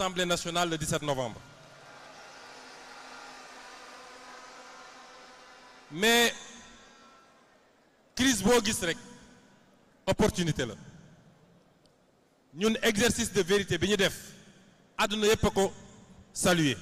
l'Assemblée nationale le 17 novembre. mais crise boo gis rek opportunité la ñun exercice de vérité bi ñu def àdduna yépp a ko saluer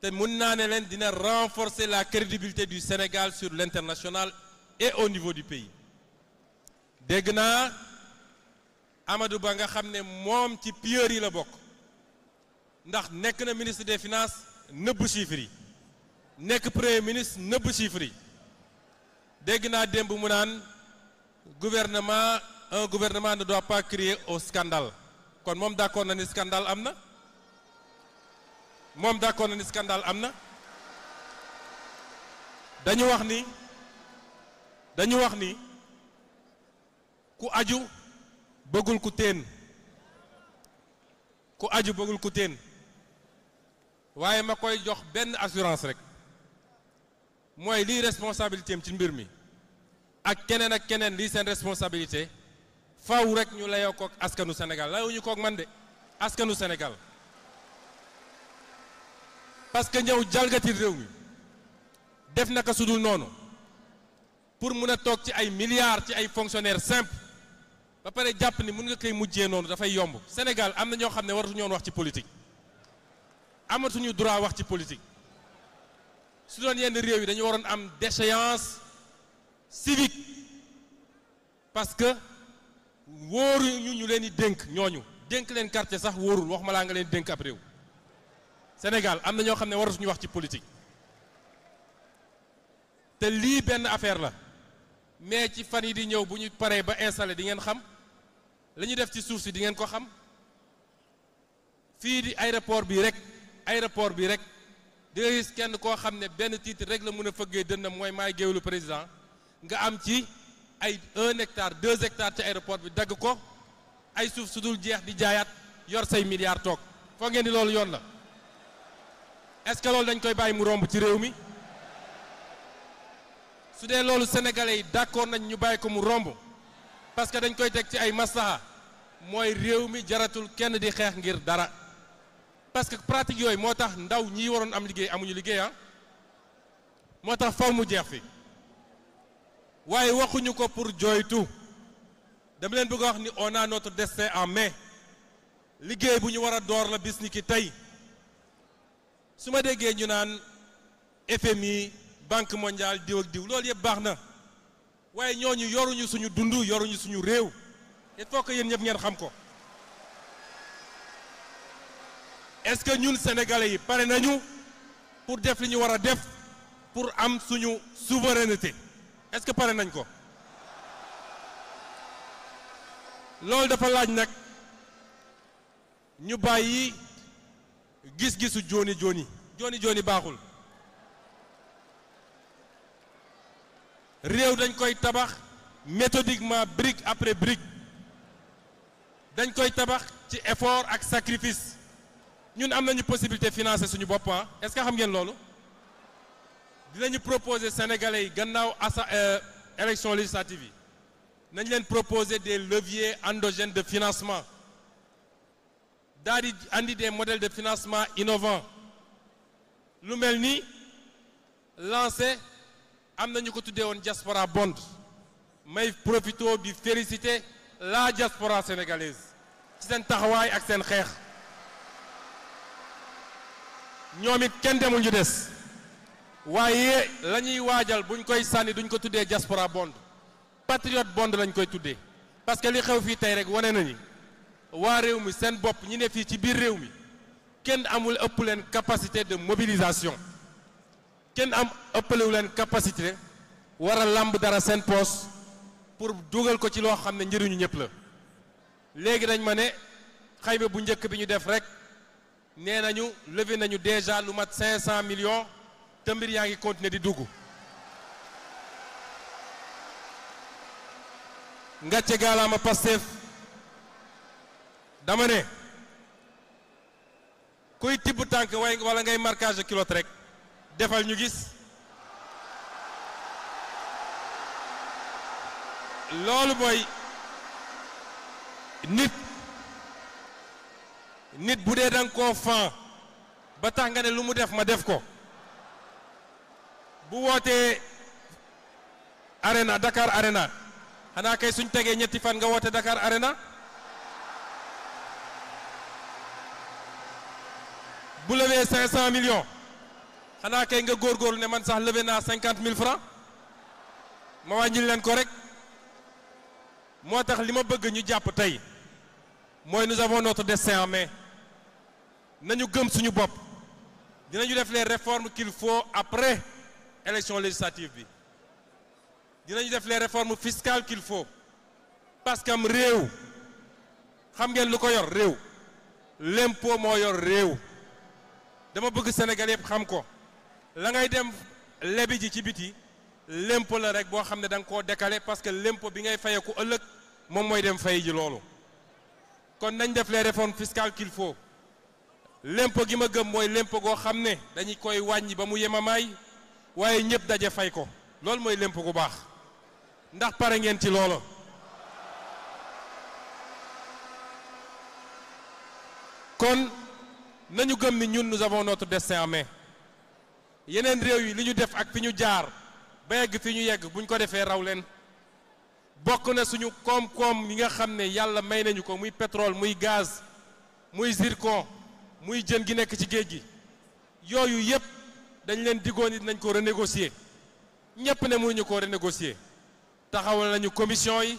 te mun naa ne leen dina renforcer la crédibilité du Sénégal sur l'international et au niveau du pays Amadou Ba nga xam ne moom ci pilleurs yi la bokk ndax nekk na ministre des finances nëbb chiffres yi nekk premier ministre nëbb chiffres yi dégg naa démb mu naan gouvernement un gouvernement ne doit pas crier au scandale kon moom d'accord na ni scandale am na moom d'accord na ni scandale am na dañu wax ni dañu wax ni ku aju bëggul ku téen ku aju bëggul ku téen waaye ma koy jox benn assurance rek mooy lii responsabilité ci mbir mi ak keneen ak keneen lii seen responsabilité faw rek ñu layoo kook askanu Sénégal layuñu kook man de askanu Sénégal parce que ñëw jalgati réew mi def naka sudul noonu pour mun a toog ci ay milliards ci ay fonctionnaires simples ba jàpp ni mun nga koy mujjee noonu dafay yomb Sénégal am na ñoo xam ne waratuñu woon wax ci politique amatuñu droit wax ci politique su doon réew yi dañu waroon am déchéance civique parce que wóoruñu ñu leen di dénk ñooñu dénk leen quartier sax wóorul wax ma laa leen dénk ab am na ñoo xam ne waratuñu wax ci politique te lii benn affaire la mais ci fan yi di ñëw bu ñu paree ba installé di ngeen xam la ñu def ci suuf si di ngeen ko xam fii di aéroport bii rek aéroport bii rek di gis kenn koo xam ne benn titre rek la mën a fëggee dënnam mooy may géewlu président nga am ci ay un hectare hectares ci aéroport bi dagg ko ay suuf su dul jeex di jaayaat yor say milliards toog foo ngeen di loolu yoon la est-ce que loolu dañ koy bàyyi mu romb ci réew mi su dee loolu sénégalais yi d'accord nañ ñu bàyyi ko mu romb parce que dañ koy teg ci ay maslaha mooy réew mi jaratul kenn di xeex ngir dara parce que pratique yooyu moo tax ndaw ñi waroon am liggéey amuñu liggéey ah moo tax faw mu jeex fi waaye waxuñu ko pour jooytu dama leen bëgg wax ni on a notre destin en mais liggéey bu ñu war a door la bis ni ki tey su ma déggee ñu naan FMI banque mondiale diw ak diw loolu yëpp baax na waaye ñooñu yoruñu suñu dund yoruñu suñu réew te fokk yéen ñëpp ngeen xam ko est-ce que ñun sénégalais yi pare nañu pour def li ñu war a def pour am suñu souveraineté est-ce que pare nañ ko loolu dafa laaj nag ñu bàyyi gis-gisu jooni jooni jooni jooni baaxul réew dañ koy tabax méthodiquement brique après brique dañ koy tabax ci effort ak sacrifice ñun am nañu possibilité financer suñu bopp est-ce que xam ngeen loolu dinañu proposer sénégalais yi gannaaw asa euh, élection législative yi nañ leen proposer des leviers endogènes de financement daal di andi des de financement innovants lu mel ni lancé am na ko tuddee woon diaspora bond may profito di féliciter la diaspora sénégalaise. ci seen taxawaay ak seen xeex ñoom it kenn demul ñu des waaye lañuy waajal buñ koy sànni duñ ko tuddee diaspora bond patriote bond lañ koy tuddee parce que li xew fii tey rek wane nañu waa réew mi seen bopp ñi ne fii ci biir réew mi kenn amul ëpp leen capacité de mobilisation kenn am ëppalewu leen capacité war làmb dara seen poos pour dugal ko ci loo xam ne njëriñu ñëpp la léegi dañ ma ne xayma bu njëkk bi ñu def rek nee nañu levé nañu déjà lu mat 500 millions te mbir yaa ngi continuer di dugg. ngàcce gaalaama Pastef dama ne kuy tibb tànk way wala ngay marquage culotte rek defal ñu gis loolu mooy. nit nit bu dee danga koo fan ba tax nga ne lu mu def ma def ko bu wootee arena Dakar arena xanaa kay suñ tegee ñetti fan nga woote Dakar arena bu levee cinq cent millions xanaa kay nga góorgóorlu ne man sax levé naa cinquante mille francs ma wàññil leen ko rek moo tax li ma bëgg ñu jàpp tey mooy nous avons notre destin en main nañu gëm suñu bopp dinañu def les réformes qu'il faut après élection législative bi dinañu def les réformes fiscales qu'il faut parce que am réew xam ngeen lu ko yor réew l'impôt moo yor réew dama bëgg Sénégal yëpp xam ko la ngay dem lebi ji ci biti l'impôt la rek boo xam ne da nga koo décalé parce que l'impôt bi ngay fayeku ëllëg moom mooy dem fay ji loolu kon nañ def les réformes fiscales qu'il faut gi ma gëm mooy l'impôt goo xam ne dañu koy wàññi ba mu yemamaay waaye ñëpp daje fay ko loolu mooy l'impôt gu baax ndax pare ngeen ci loolu kon nañu gëm ni ñun nous avons notre destin en mais yeneen réew yi li ñu def ak fi ñu jaar ba yegg fi ñu yegg buñ ko defee raw leen bokk na suñu koom-koom yi nga xam ne yàlla may nañu ko muy pétrole muy gaz muy zircon muy jën gi nekk ci géej gi yooyu yépp dañ leen diggoon it nañ ko renégocier ñépp ne mënuñu ko renégocier taxawal nañu commission yi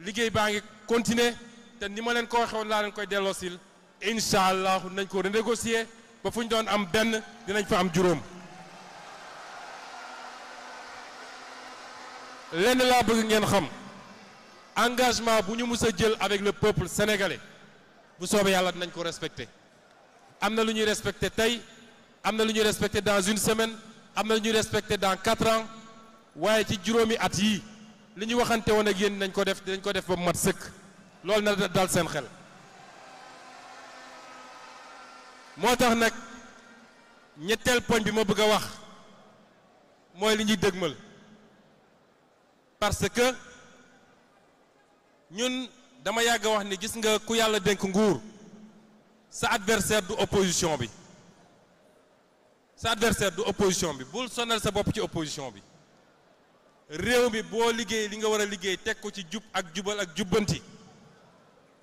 liggéey baa ngi continuer te ni ma leen ko waxewoon laa leen koy delloosil incha allah nañ ko renégocier ba fu ñu doon am benn dinañ fa am juróom lenn laa bëgg ngeen xam engagement bu ñu mus a jël avec le peuple sénégalais bu soobee yàlla dinañ ko respecté am na lu ñuy respecté tey am na lu ñuy respecté dans une semaine am na lu ñuy respecté dans quatre ans waaye ci juróomi at yii li ñu waxante woon ak yéen nañ ko def dañ ko def ba mu mat sëkk loolu na dal seen xel moo tax nag ñetteel poñ bi ma bëgg a wax mooy li ñuy dëgmal ñun dama yàgg wax ni gis nga ku yàlla dénk nguur sa adversaire du opposition bi sa adversaire du opposition bi bul sonal sa bopp ci opposition bi réew mi boo liggéey li nga war a liggéey teg ko ci jub ak jubal ak jubbanti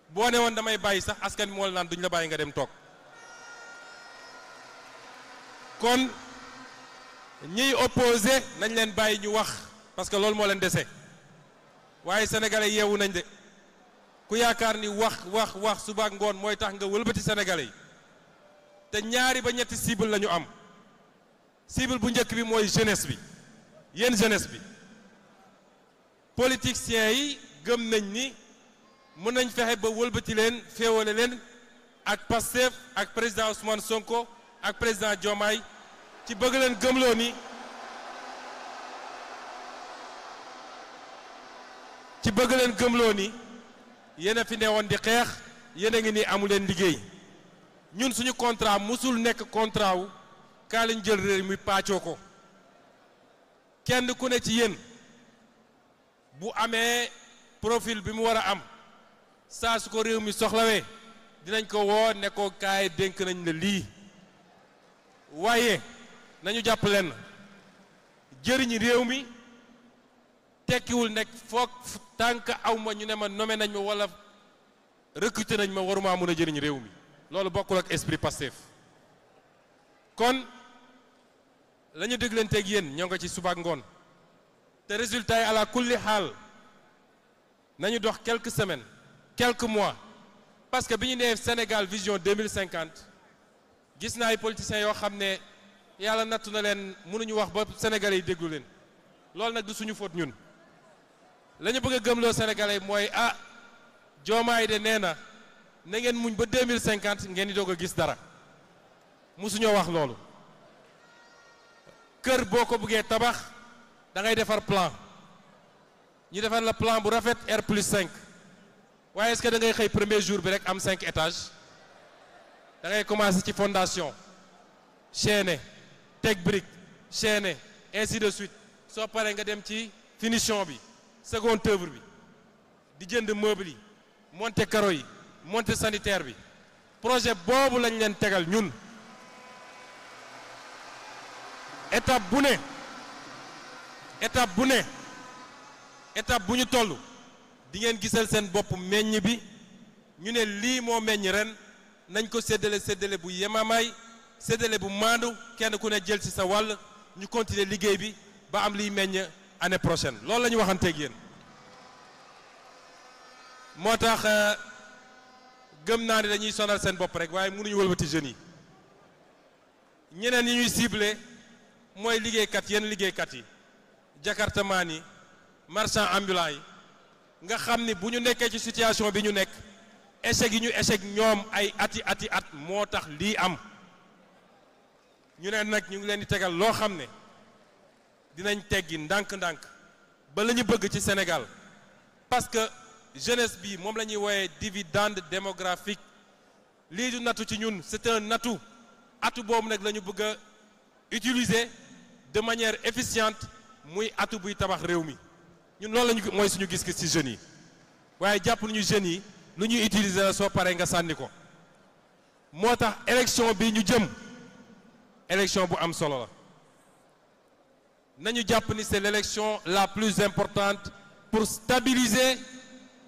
boo ne woon damay bàyyi sax askan wi moo naan duñ la bàyyi nga dem toog kon ñiy opposé nañ leen bàyyi ñu wax parce que loolu moo leen dese waaye sénégalais yeewu nañ de bu yaakaar ni wax wax wax suba ngoon mooy tax nga wëlbati sénégalais yi te ñaari ba ñetti cible lañu am cible bu njëkk bi mooy jeunesse bi yéen jeunesse bi politiciens yi gëm nañ ni mën nañ fexe ba wëlbati leen féewale leen ak Pastef ak président Ousmane Sonko ak président jomaay ci bëgg leen gëmloo ni ci bëgg leen gëmloo ni yéen a fi newoon di xeex yéen a ngi nii amul leen liggéey ñun suñu contrat musul nekk contrat wu kaa lañ jël réew mi paccoo ko kenn ku ne ci yéen bu amee profil bi mu war a am saa su ko réew mi soxlawee dinañ ko woo ne ko kaay dénk nañ la lii waaye nañu jàpp lenn jëriñi réew mi tekkiwul nekk foog tant que aw ma ñu ne ma nome nañ ma wala recruté nañ ma waruma mën a jëriñ réew mi loolu bokkul ak esprit Pastef kon lañu ñu déglanteeg yéen ñoo nga ci suba ngoon te résultat yi ala kulli xaal nañu dox quelque semaines quelque mois parce que bi ñu nee Sénégal vision 2050 gis naa ay politiciens yoo xam ne yàlla nattu na leen mënuñu wax ba Sénégalais yi déglu leen loolu nag du suñu faute ñun lañu ñu bëgg a gëmloo sénégalais mooy ah joomaay de nee na na ngeen muñ ba deux mille cinquante ngeen di doog a gis dara musuñoo wax loolu kër boo ko bëggee tabax dangay defar plan ñu defar la plan bu rafet R plus 5 waaye est-ce que da ngay xëy premier jour bi rek am cinq dangay da ci fondation chaîner teg brique chaîner ainsi de suite soo paree nga dem ci finition bi seconde œuvre bi di jënd meuble yi monter carreaux yi monter sanitaire bi projet boobu lañ leen tegal ñun étape bu ne étape bu ne étape bu ñu toll di ngeen gisal seen bopp meññ bi ñu ne lii moo meññ ren nañ ko séddale séddale bu yemamaay séddale bu maandu kenn ku ne jël ci sa wàll ñu continuer liggéey bi ba am liy meññ anne prochaine loolu la ñu waxanteeg yéen moo tax euh, gëm naa ne dañuy sonal seen bopp rek waaye mënuñu wëlbati jeunes yi ñeneen yi ñuy ciblé mooy liggéeykat yenn liggéeykat yi jakartamaan yi marchand ambulant yi nga xam ni bu ñu nekkee ci situation bi ñu nekk échec yi ñu échec ñoom ay ati ati at moo tax lii am ñu ne nag ñu ngi leen di tegal loo xam ne dinañ teggi ndànk-ndànk ba la ñu bëgg ci Sénégal parce que jeunesse bi moom la ñuy wooyee dividende démographique lii du nattu ci ñun c'est un atout atout boobu nag la ñu bëgg a utiliser de manière efficiente muy atout buy tabax réew mi ñun loolu lañu mooy suñu gis-gis ci jeunes yi waaye jàpp nañu jeunes yi lu ñuy utiliser la soo paree nga sànni ko moo tax élection bi ñu jëm élection bu am solo la nañu jàpp ni c'est l'élection la plus importante pour stabiliser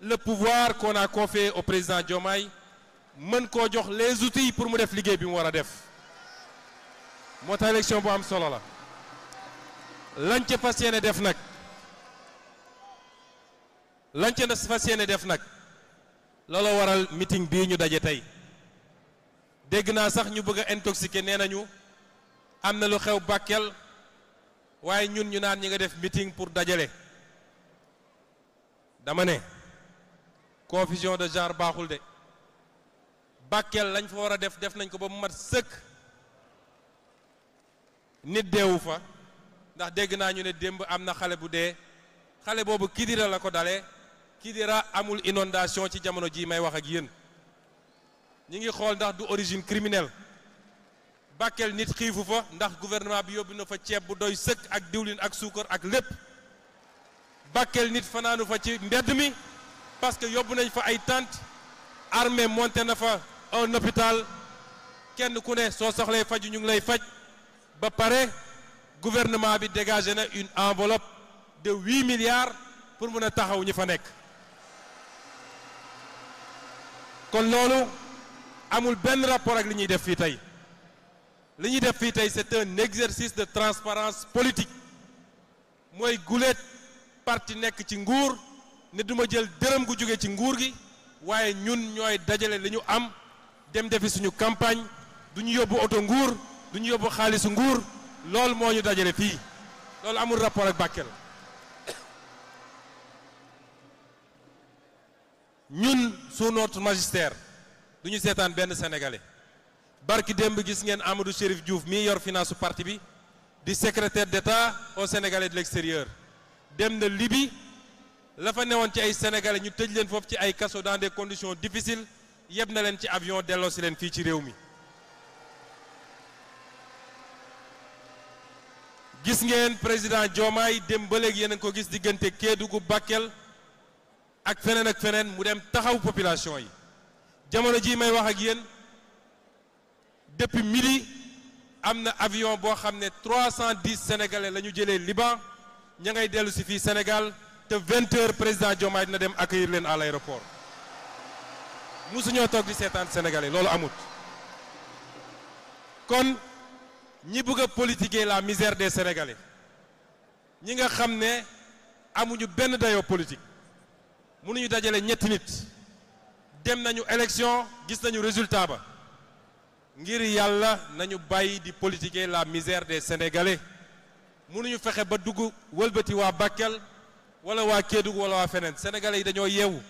le pouvoir qu'on a confié au président Diomaye mën koo jox les outils pour mu def liggéey bi mu war a def moo tax élection bu am solo la lañ ca fas def nag lañ ca fas yéene def nag looloo waral meeting bi ñu daje tey dégg naa sax ñu bëgg a nee nañu am na lu xew Bakel waaye ñun ñu naan ñi nga def meeting pour dajale dama ne confusion de genre baaxul de Bakel lañ fa war a def def nañ ko ba mu mat sëkk nit deewu fa ndax dégg naa ñu ne démb am na xale bu dee xale boobu Kidira la ko dale Kidira amul inondation ci jamono ji may wax ak yéen ñi ngi xool ndax du origine criminelle Bakel nit xiifu fa ndax gouvernement bi yóbbu na fa ceeb bu doy sëkk ak diwlin ak suukar ak lépp Bakel nit fanaanu fa ci mbedd mi parce que yóbbu nañ fa ay tentes armée monte na fa un hôpital kenn ku ne soo soxlee faju ñu ngi lay faj ba pare gouvernement bi dégagé na une enveloppe de huit milliards pour mën a taxaw ñi fa nekk kon loolu amul benn rapport ak li ñuy def fii tey li ñuy def fii tey c'est un exercice de transparence politique mooy guleet parti nekk ci nguur ne duma jël dërëm gu jóge ci nguur gi waaye ñun ñooy dajale li ñu am dem defi suñu campagne du ñu yóbbu oto nguur du ñu yóbbu xaalisu nguur loolu moo ñu dajale fii loolu amul rapport ak Bakel ñun sous notre magistère du ñu seetaan benn sénégalais barki démb gis ngeen Amadou Chérif Diouf mii yor finance su parti bi di secrétaire d'État aux Sénégalais de l'extérieur dem na Libye lafa fa newoon ci ay sénégalais ñu tëj leen foofu ci ay kaso dans des conditions difficiles yeb na leen ci avion delloo si leen fii ci réew mi. gis ngeen président Diomaye dem ba léeg yéen a ngi ko gis diggante Kédougou Bakel ak feneen ak feneen mu dem taxaw population yi jamono jii may wax ak yéen. depuis midi am na avion boo xam ne trois cent dix sénégalais la ñu jëlee Liban ña ngay dellu si fii Sénégal te vingt président Diomaye dina dem accueillir leen à l'aéroport mosuñoo toog di seetaan sénégalais loolu amut kon ñi bëgg a politiquer la misère des sénégalais ñi nga xam ne amuñu benn dayoo politique mënuñu dajale ñetti nit dem nañu élection gis nañu résultat ba ngir yàlla nañu bàyyi di politiquer la misère des sénégalais ñu fexe ba dugg wëlbati waa Bakel wala waa Kédougou wala waa feneen sénégalais yi dañoo yeewu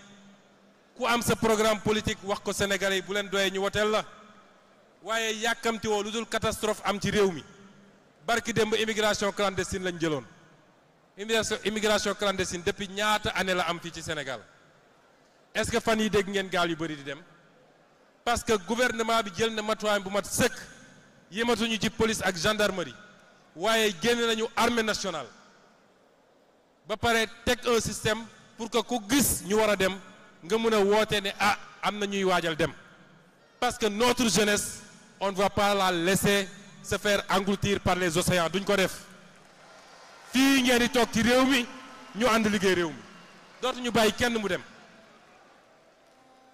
ku am sa programme politique wax ko sénégalais yi bu leen doyee ñu woteel la waaye yàkkamti woo lu dul am ci réew mi barki démb immigration clandestine lañ jëloon immigration immigration clandestine depuis ñaata année la am fii ci Sénégal est-ce que fan yi dégg ngeen gaal yu bari di dem. parce que gouvernement bi jël na matuwaay bu mat sëkk yematuñu ci police ak gendarmerie waaye génn nañu armée nationale ba pare teg un système pour que ku gis ñu war a dem nga mën a woote ne ah am na ñuy waajal dem parce que notre jeunesse on ne va pas la laisser se faire engloutir par les océans duñ ko def fii ngeen toog ci réew mi ñu ànd liggéey réew mi dootuñu bàyyi kenn mu dem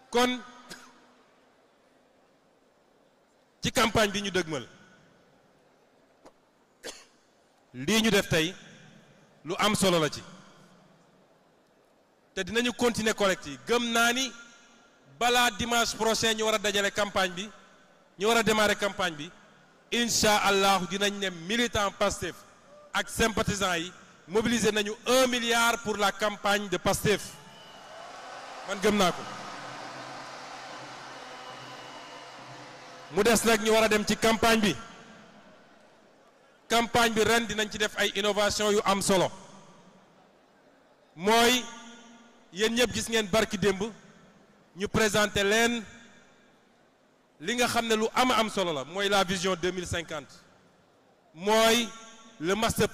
kon ci campagne bi ñu dëgmal lii ñu def tey lu am solo la ci te dinañu continuer collecte yi gëm naa ni balaa dimanche prochain ñu war a dajale campagne bi ñu war a démarrer campagne bi incha allahu dinañ ne militant Pastef ak sympathisants yi mobiliser nañu un milliard pour la campagne de Pastef man gëm naa ko mu des nag ñu war a dem ci campagne bi campagne bi ren dinañ ci def ay innovation yu am solo mooy yéen ñëpp gis ngeen barki démb ñu présenté leen li nga xam ne lu ama am solo la mooy la vision deux mille cinquante mooy le master